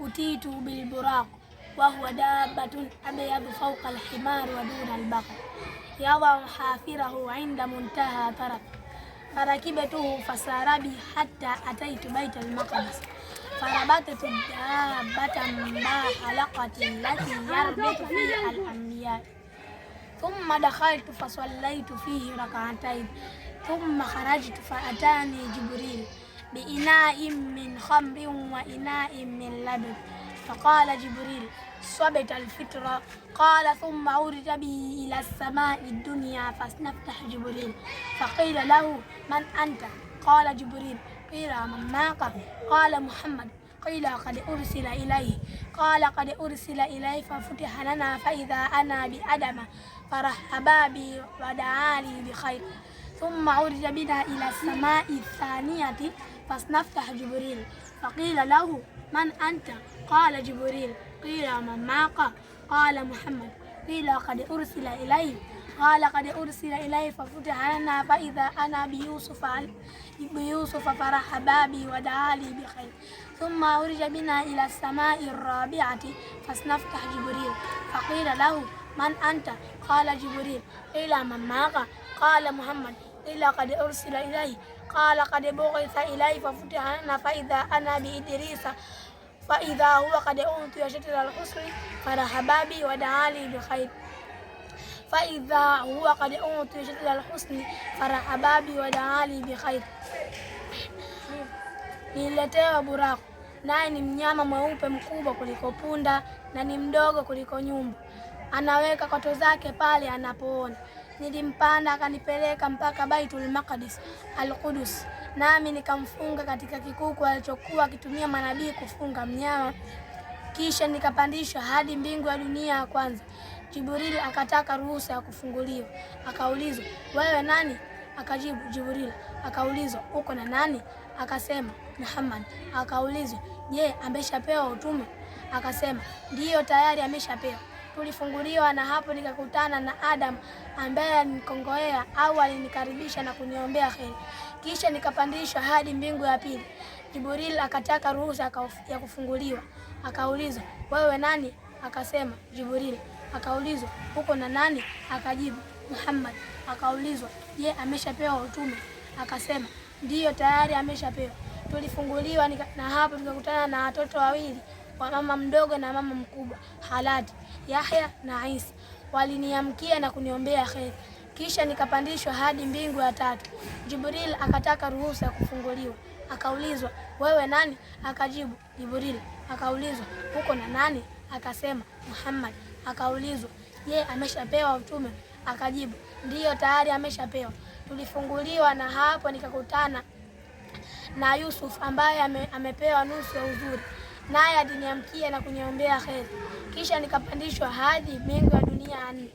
أتيت بالبراق وهو دابة أبيض فوق الحمار ودون البقر يضع حافره عند منتهى طرف فركبته فسار بي حتى أتيت بيت المقدس فربطت دابة ما حلقة التي يربط فيها الأنبياء ثم دخلت فصليت فيه ركعتين ثم خرجت فأتاني جبريل بإناء من خمر وإناء من لبن فقال جبريل صبت الفطرة قال ثم عرج به إلى السماء الدنيا فاستفتح جبريل فقيل له من أنت قال جبريل قيل من معك قال محمد قيل قد أرسل إليه قال قد أرسل إليه ففتح لنا فإذا أنا بأدم فرحبا بي ودعا لي بخير ثم عرج بنا إلى السماء الثانية فاصنفتح جبريل فقيل له من أنت قال جبريل قيل من معك قال محمد قيل قد أرسل إليه قال قد أرسل إليه ففتح لنا فإذا أنا بيوسف بيوسف فرح بابي ودعا لي بخير ثم أرج بنا إلى السماء الرابعة فاستفتح جبريل فقيل له من أنت قال جبريل قيل من معك قال محمد ila kad ursila ilaihi qala kad bughitha ilaihi fafutiha na faidha ana biidrisa faidha huwa kad utiya shatira lhusni farahababi wadaali bikhairi faidha huwa kad utiya shatira lhusni farahababi wadaali bikhairi. Nililetewa buraku naye ni mnyama mweupe mkubwa kuliko punda na ni mdogo kuliko nyumbu. Anaweka kwato zake pale anapoona nilimpanda akanipeleka mpaka Baitul Maqdis Al-Qudus, nami nikamfunga katika kikuku alichokuwa akitumia manabii kufunga mnyama. Kisha nikapandishwa hadi mbingu ya dunia ya kwanza. Jibril akataka ruhusa ya kufunguliwa, akaulizwa wewe nani? Akajibu Jibril. Akaulizwa uko na nani? Akasema Muhammad. Akaulizwa je, ameshapewa utume? Akasema ndiyo, tayari ameshapewa ulifunguliwa na hapo nikakutana na Adam ambaye alinikongoea au alinikaribisha na kuniombea heri, kisha nikapandishwa hadi mbingu ya pili. Jibril akataka ruhusa ya kufunguliwa, akaulizwa wewe nani? Akasema Jibril. Akaulizwa uko na nani? Akajibu Muhammad. Akaulizwa je, ameshapewa utume? Akasema ndiyo, tayari ameshapewa. Tulifunguliwa na hapo tukakutana na watoto wawili wa mama mdogo na mama mkubwa Halati. Yahya na Isa waliniamkia na kuniombea kheri, kisha nikapandishwa hadi mbingu ya tatu. Jibril akataka ruhusa ya kufunguliwa, akaulizwa wewe nani? Akajibu Jibril. Akaulizwa huko na nani? Akasema Muhammad. Akaulizwa je, ameshapewa utume? Akajibu ndiyo, tayari ameshapewa. Tulifunguliwa na hapo nikakutana na Yusuf ambaye ame, amepewa nusu ya uzuri, naye aliniamkia na kuniombea kheri. Kisha nikapandishwa hadi mengo ya dunia nne.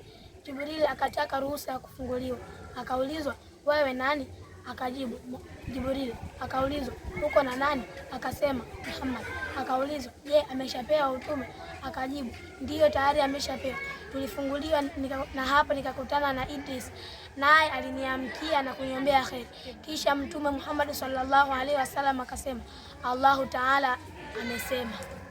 Jibrili akataka ruhusa ya kufunguliwa, akaulizwa wewe nani? Akajibu Jibrili. Akaulizwa uko na nani? Akasema Muhammad. Akaulizwa je, ameshapewa utume? Akajibu ndiyo, tayari ameshapewa. Tulifunguliwa nika, na hapa nikakutana na Idris, naye aliniamkia na kuniombea kheri. Kisha Mtume Muhammad sallallahu alaihi wasallam akasema, Allahu taala amesema